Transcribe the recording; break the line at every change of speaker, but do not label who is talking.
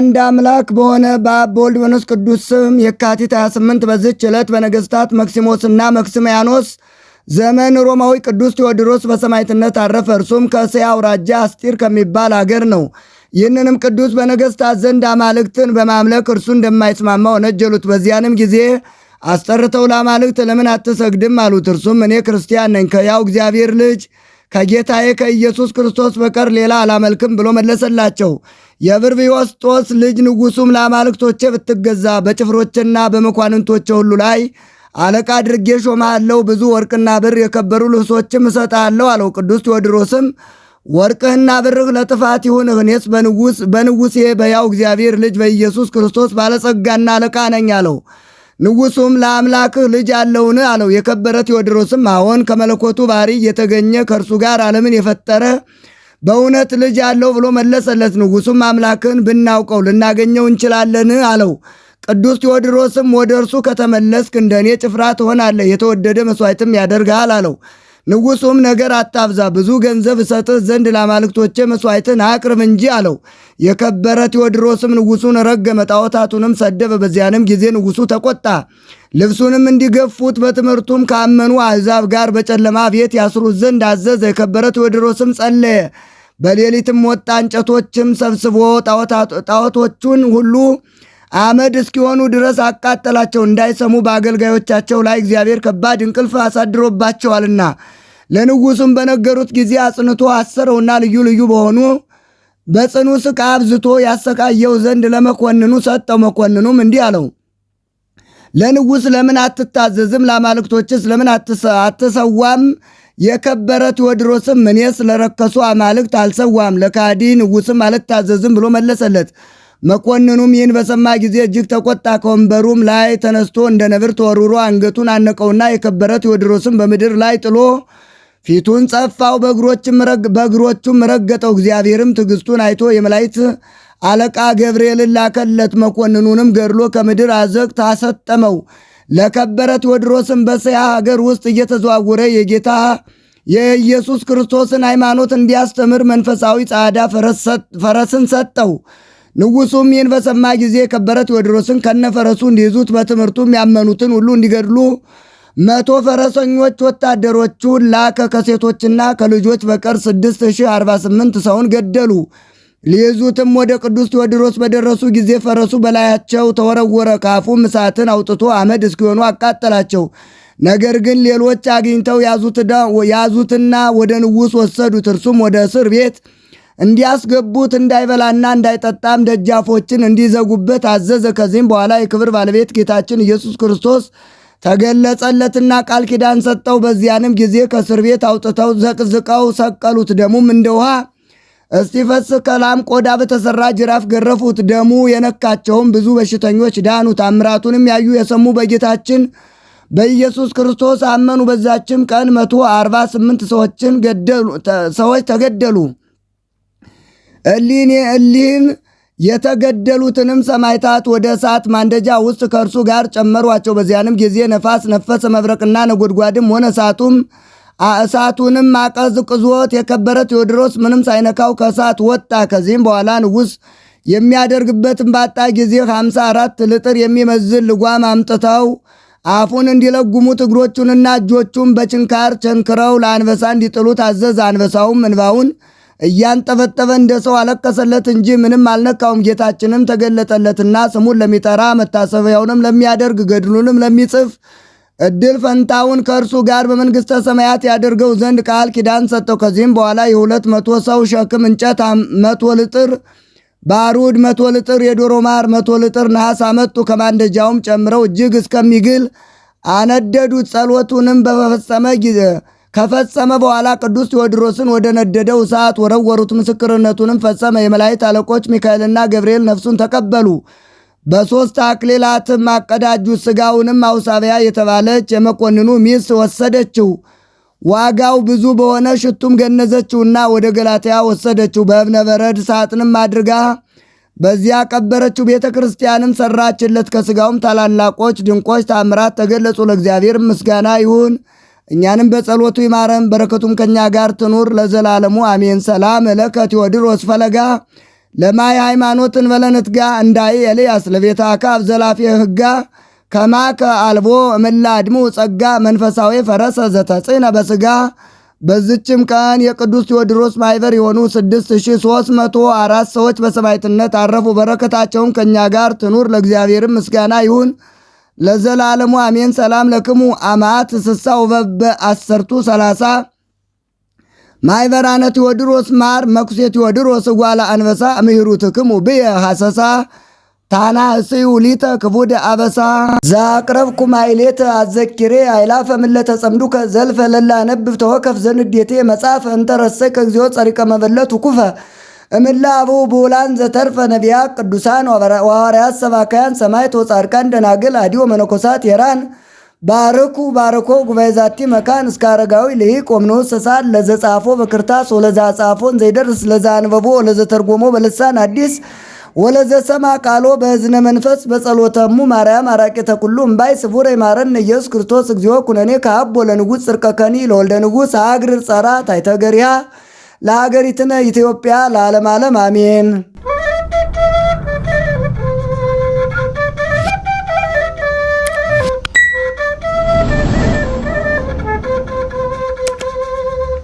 አንድ አምላክ በሆነ በአብ በወልድ በመንፈስ ቅዱስ ስም የካቲት 28 በዝች ዕለት በነገሥታት መክሲሞስና መክሲሚያኖስ ዘመን ሮማዊ ቅዱስ ቴዎድሮስ በሰማዕትነት አረፈ። እርሱም ከእስያ አውራጃ አስጢር ከሚባል አገር ነው። ይህንንም ቅዱስ በነገሥታት ዘንድ አማልክትን በማምለክ እርሱ እንደማይስማማ ወነጀሉት። በዚያንም ጊዜ አስጠርተው ለአማልክት ለምን አትሰግድም አሉት። እርሱም እኔ ክርስቲያን ነኝ ከያው እግዚአብሔር ልጅ ከጌታዬ ከኢየሱስ ክርስቶስ በቀር ሌላ አላመልክም ብሎ መለሰላቸው። የብርቢዮስጦስ ልጅ ንጉሡም ለአማልክቶቼ ብትገዛ በጭፍሮችና በመኳንንቶቼ ሁሉ ላይ አለቃ አድርጌ ሾማለው ብዙ ወርቅና ብር የከበሩ ልብሶችም እሰጥሃለሁ አለው። ቅዱስ ቴዎድሮስም ወርቅህና ብርህ ለጥፋት ይሁን፣ እኔስ በንጉሴ በሕያው እግዚአብሔር ልጅ በኢየሱስ ክርስቶስ ባለጸጋና አለቃ ነኝ አለው። ንጉሱም ለአምላክህ ልጅ አለውን አለው። የከበረ ቴዎድሮስም አዎን ከመለኮቱ ባህሪ እየተገኘ ከእርሱ ጋር ዓለምን የፈጠረ በእውነት ልጅ አለው ብሎ መለሰለት። ንጉሱም አምላክህን ብናውቀው ልናገኘው እንችላለን አለው። ቅዱስ ቴዎድሮስም ወደ እርሱ ከተመለስክ እንደኔ ጭፍራ ትሆናለህ፣ የተወደደ መሥዋዕትም ያደርግሃል አለው። ንጉሱም ነገር አታብዛ፣ ብዙ ገንዘብ እሰጥህ ዘንድ ለአማልክቶቼ መሥዋዕትን አቅርብ እንጂ አለው። የከበረ ቴዎድሮስም ንጉሱን ረገመ፣ ጣዖታቱንም ሰደበ። በዚያንም ጊዜ ንጉሱ ተቆጣ። ልብሱንም እንዲገፉት በትምህርቱም ካመኑ አሕዛብ ጋር በጨለማ ቤት ያስሩት ዘንድ አዘዘ። የከበረ ቴዎድሮስም ጸለየ። በሌሊትም ወጣ፣ እንጨቶችም ሰብስቦ ጣዖቶቹን ሁሉ አመድ እስኪሆኑ ድረስ አቃጠላቸው። እንዳይሰሙ በአገልጋዮቻቸው ላይ እግዚአብሔር ከባድ እንቅልፍ አሳድሮባቸዋልና ለንጉሱም በነገሩት ጊዜ አጽንቶ አሰረውና ልዩ ልዩ በሆኑ በጽኑ ስቃ አብዝቶ ያሰቃየው ዘንድ ለመኮንኑ ሰጠው። መኮንኑም እንዲህ አለው፣ ለንጉስ ለምን አትታዘዝም? ለአማልክቶችስ ለምን አትሰዋም? የከበረ ቴዎድሮስም እኔስ ለረከሱ አማልክት አልሰዋም፣ ለካዲ ንጉስም አልታዘዝም ብሎ መለሰለት። መኮንኑም ይህን በሰማ ጊዜ እጅግ ተቆጣ። ከወንበሩም ላይ ተነስቶ እንደ ነብር ተወርውሮ አንገቱን አነቀውና የከበረ ቴዎድሮስም በምድር ላይ ጥሎ ፊቱን ጸፋው፣ በእግሮቹም ረገጠው። እግዚአብሔርም ትዕግስቱን አይቶ የመላእክት አለቃ ገብርኤልን ላከለት። መኮንኑንም ገድሎ ከምድር አዘቅት አሰጠመው። ለከበረ ቴዎድሮስም በሰያ ሀገር ውስጥ እየተዘዋወረ የጌታ የኢየሱስ ክርስቶስን ሃይማኖት እንዲያስተምር መንፈሳዊ ጸዓዳ ፈረስን ሰጠው። ንጉሱም ይህን በሰማ ጊዜ ከበረ ቴዎድሮስን ከነፈረሱ እንዲይዙት በትምህርቱም ያመኑትን ሁሉ እንዲገድሉ መቶ ፈረሰኞች ወታደሮቹን ላከ። ከሴቶችና ከልጆች በቀር 6048 ሰውን ገደሉ። ሊይዙትም ወደ ቅዱስ ቴዎድሮስ በደረሱ ጊዜ ፈረሱ በላያቸው ተወረወረ። ካፉ እሳትን አውጥቶ አመድ እስኪሆኑ አቃጠላቸው። ነገር ግን ሌሎች አግኝተው ያዙትና ወደ ንጉሥ ወሰዱት። እርሱም ወደ እስር ቤት እንዲያስገቡት እንዳይበላና እንዳይጠጣም ደጃፎችን እንዲዘጉበት አዘዘ። ከዚህም በኋላ የክብር ባለቤት ጌታችን ኢየሱስ ክርስቶስ ተገለጸለትና ቃል ኪዳን ሰጠው። በዚያንም ጊዜ ከእስር ቤት አውጥተው ዘቅዝቀው ሰቀሉት። ደሙም እንደ ውሃ እስቲፈስ ከላም ቆዳ በተሰራ ጅራፍ ገረፉት። ደሙ የነካቸውም ብዙ በሽተኞች ዳኑ። ታምራቱንም ያዩ የሰሙ በጌታችን በኢየሱስ ክርስቶስ አመኑ። በዛችም ቀን መቶ አርባ ስምንት ሰዎች ተገደሉ። እሊህም የተገደሉትንም ሰማይታት ወደ እሳት ማንደጃ ውስጥ ከእርሱ ጋር ጨመሯቸው። በዚያንም ጊዜ ነፋስ ነፈሰ፣ መብረቅና ነጎድጓድም ሆነ። እሳቱም እሳቱንም አቀዝቅዞት የከበረ ቴዎድሮስ ምንም ሳይነካው ከእሳት ወጣ። ከዚህም በኋላ ንጉሥ የሚያደርግበትን ባጣ ጊዜ 54 ልጥር የሚመዝን ልጓም አምጥተው አፉን እንዲለጉሙት እግሮቹንና እጆቹን በችንካር ቸንክረው ለአንበሳ እንዲጥሉት አዘዝ። አንበሳውም እንባውን እያንጠፈጠፈ እንደ ሰው አለቀሰለት እንጂ ምንም አልነካውም። ጌታችንም ተገለጠለትና ስሙን ለሚጠራ መታሰቢያውንም ለሚያደርግ ገድሉንም ለሚጽፍ እድል ፈንታውን ከእርሱ ጋር በመንግሥተ ሰማያት ያደርገው ዘንድ ቃል ኪዳን ሰጠው። ከዚህም በኋላ የሁለት መቶ ሰው ሸክም እንጨት መቶ ልጥር ባሩድ መቶ ልጥር የዶሮ ማር መቶ ልጥር ነሐስ አመጡ። ከማንደጃውም ጨምረው እጅግ እስከሚግል አነደዱት። ጸሎቱንም በፈጸመ ጊዜ ከፈጸመ በኋላ ቅዱስ ቴዎድሮስን ወደ ነደደው እሳት ወረወሩት። ምስክርነቱንም ፈጸመ። የመላእክት አለቆች ሚካኤልና ገብርኤል ነፍሱን ተቀበሉ። በሦስት አክሊላትም አቀዳጁት። ሥጋውንም አውሳቢያ የተባለች የመኮንኑ ሚስት ወሰደችው። ዋጋው ብዙ በሆነ ሽቱም ገነዘችውና ወደ ገላትያ ወሰደችው። በእብነ በረድ ሳጥንም አድርጋ በዚያ ቀበረችው። ቤተ ክርስቲያንም ሰራችለት። ከሥጋውም ታላላቆች ድንቆች ታምራት ተገለጹ። ለእግዚአብሔር ምስጋና ይሁን። እኛንም በጸሎቱ ይማረን፣ በረከቱም ከእኛ ጋር ትኑር ለዘላለሙ አሜን። ሰላም እለከ ቴዎድሮስ ፈለጋ ለማይ ሃይማኖትን በለንትጋ እንዳይ ኤልያስ ለቤተ አካብ ዘላፊ ህጋ ከማከ አልቦ እምላ አድሙ ጸጋ መንፈሳዊ ፈረሰ ዘተጽነ በስጋ በዝችም ቀን የቅዱስ ቴዎድሮስ ማይበር የሆኑ 6304 ሰዎች በሰማዕትነት አረፉ። በረከታቸውም ከእኛ ጋር ትኑር። ለእግዚአብሔርም ምስጋና ይሁን። ለዘላለሙ አሜን። ሰላም ለክሙ አማት ስሳው በበ አሰርቱ ሰላሳ ማይበራነ ቴዎድሮስ ማር መኩሴ ቴዎድሮስ ጓላ አንበሳ ትክሙ ብየ ሐሰሳ ታና እስዩ ሊተ ክቡድ አበሳ ዛቅረብኩ ማይሌት አዘኪሬ አይላፈ ምለ ተጸምዱከ ዘልፈ ለላ ነብብ ተወከፍ ዘንዴቴ መጻፍ እንተረሰከ እግዚኦ ጸሪቀ መበለቱ ኩፈ እምላ አበው ቦላን ዘተርፈ ነቢያ ቅዱሳን ወሐዋርያት ሰባካያን ሰማዕት ወጻድቃን ደናግል አዲዮ መነኮሳት የራን ባርኩ ባርኮ ጉባኤ ዛቲ መካን እስከ አረጋዊ ልሂቅ ወምንዑስ ሰዓት ለዘጻፎ በክርታስ ወለዛ ጻፎን ዘይደርስ ለዛ አንበቦ ወለዘ ተርጎሞ በልሳን አዲስ ወለዘ ሰማ ቃሎ በእዝነ መንፈስ በጸሎተሙ ማርያም አራቂተ ተኩሉ እምባይ ስቡረ ይማረን ኢየሱስ ክርስቶስ እግዚኦ ኩነኔ ከአብ ወለንጉሥ ጽርቀከኒ ለወልደ ንጉሥ አግር ጸራ ታይተገሪያ ለሀገሪትነ ኢትዮጵያ ለዓለም ዓለም አሜን።